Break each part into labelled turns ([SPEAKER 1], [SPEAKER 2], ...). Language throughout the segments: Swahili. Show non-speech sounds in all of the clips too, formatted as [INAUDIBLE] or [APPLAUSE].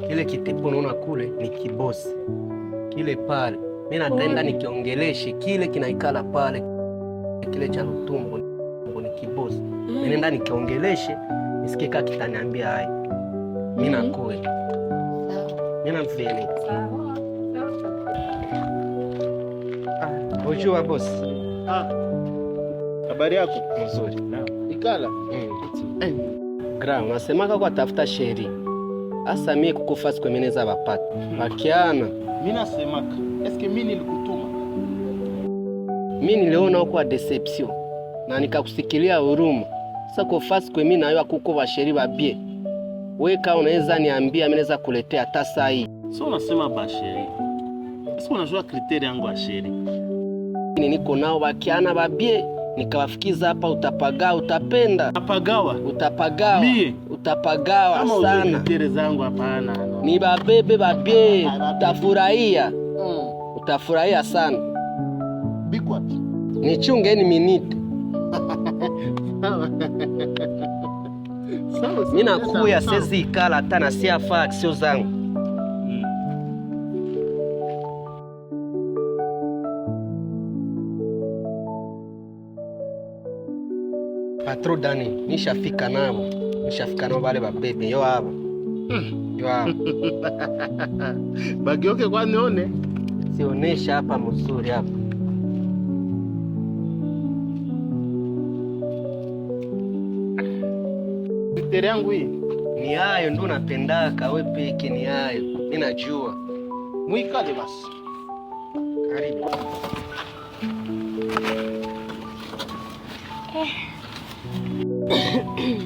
[SPEAKER 1] Kile kitipu unaona kule ni kibosi kile pale, mimi nataenda mm. nikiongeleshe kile kinaikala pale, kile cha lutumbo ni kibosi. Mimi mm. nenda nikiongeleshe nisikie kama kitaniambia hai. Mimi nakue mm. mimi namfeli ah, Ujua bosi. Ah.
[SPEAKER 2] Habari yako? Nzuri. Ikala. Mm.
[SPEAKER 1] Eh. Gram, nasemaka kwa tafuta sheri Asa mie kukufasi kwemeneza bapata bakiana. Hmm. Mina semaka eske mimi nilikutuma? Mimi niliona uko deception na nikakusikilia huruma. Sasa kufasi kwe mimi nayo akuko basheri babie weka, unaweza niambia mineza kuletea hata saa hii? Sasa unasema basheri, sasa unajua kriteri yangu asheri ni niko nao bakiana babie nikawafikiza hapa, utapagaa utapenda. Utapagawa. Utapagawa. Mie utapagawa sana. Ni babebe babie, utafurahia mm. utafurahia sana. Nichungeni minite ninakuya [LAUGHS] sezi ikala hata nasiafaa aksio zangu patro dani nishafika nao mushafika no bale babebe yo abo hmm. yo abo
[SPEAKER 2] [LAUGHS] bagioke kwa nione
[SPEAKER 1] sionesha hapa mzuri hapa tere yangu hii ni hayo ndo napendaka we peke ni hayo ninajua
[SPEAKER 2] mwikale basi karibu eh. [COUGHS]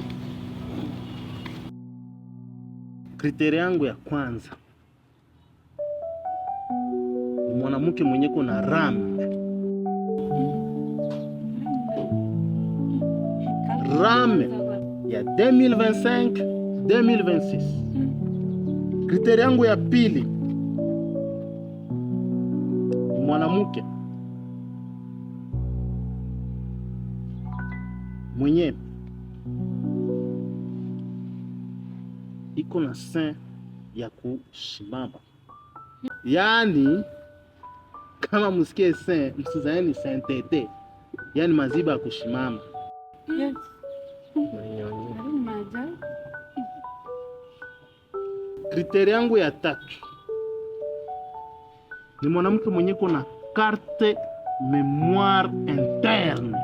[SPEAKER 2] Kriteria yangu ya kwanza ni mwanamke mwenye kuna ramu rame ya 2025 2026. Kriteria yangu ya pili ni mwanamke mwenye iko na sen ya kushimama, yaani kama msikie sen, msizaeni sen tete, yaani maziba ya kushimama Kriteri yangu ya tatu ni mwanamke mwenye kuna karte memoire interne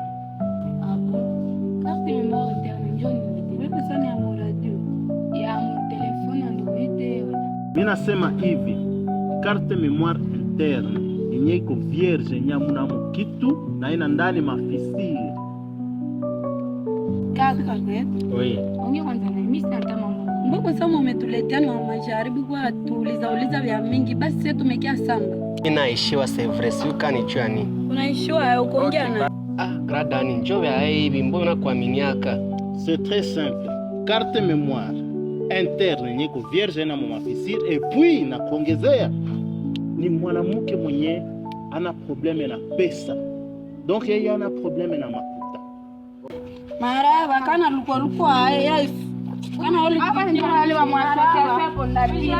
[SPEAKER 2] inasema hivi carte memoire interne yenye iko vierge nyamuna amunamo kitu na ina ndani mafisiri
[SPEAKER 1] inaishiwa sevresiukanichwani gradani njovyaaivi mbona kuaminiaka
[SPEAKER 2] c'est très simple carte mémoire interne yenye ko vierge na mumafisiri epui na kuongezea ni mwanamke mwenye ana probleme na pesa, donc yeye ana probleme na makuta
[SPEAKER 3] maraba kana luko lukwa yai kana oli kwa ndio wale wa mwasaka hapo ndabii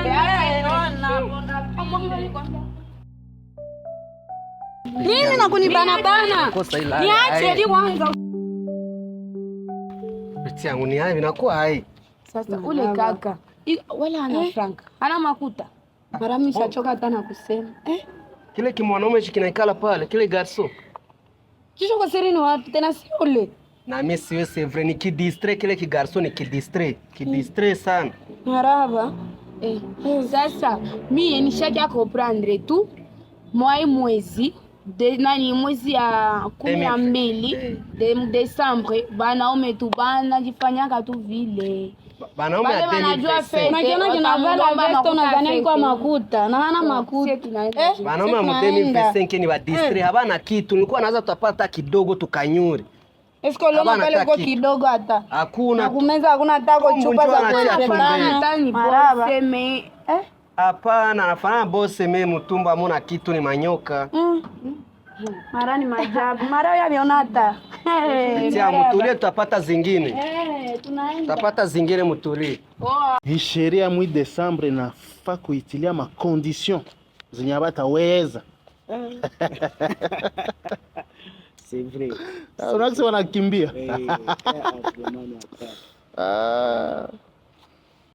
[SPEAKER 3] nini na kunibana bana, niache hadi kwanza,
[SPEAKER 1] Tiangu ni hai vinakuwa hai
[SPEAKER 3] sasa ule kaka I, wala ana eh, franka ana makuta mara mimi oh, shachoka hata na kusema eh,
[SPEAKER 1] kile kimwanaume kinaikala pale kile garso
[SPEAKER 3] chicho kwa siri ni wapi tena, si ule
[SPEAKER 1] na mimi siwe sevre ni kidistre kile kigarso ni kidistre kidistre sana
[SPEAKER 3] maraba eh. Sasa mimi nishaja comprendre tu mwai mwezi de nani mwezi ya kumi na mbili eh. de Desembre, banaume tu bana jifanyaka tu vile
[SPEAKER 1] Wanaume wanajua fake.
[SPEAKER 3] Unakiona kinavala vest unadhania iko makuta na hana eh, makuta.
[SPEAKER 1] Eh, wanaume wamtemi vest ni wa district eh. habana kitu. Nilikuwa naza tutapata kidogo tukanyure.
[SPEAKER 3] Esko loma pale kwa kidogo hata. Hakuna. Nakumeza hakuna tako chupa
[SPEAKER 1] za kuelekana.
[SPEAKER 3] Hata ni Eh?
[SPEAKER 1] Hapana, anafanana boseme mtumba, mbona kitu ni manyoka. Mm.
[SPEAKER 3] [LAUGHS] mara ni maajabu, mara yavionata
[SPEAKER 1] mutulie, tutapata zingine
[SPEAKER 3] hey,
[SPEAKER 1] tutapata zingine mutulie.
[SPEAKER 2] Hii oh. sheria ya Desembre nafa kuitilia makondision zenye abataweza unakusema nakimbia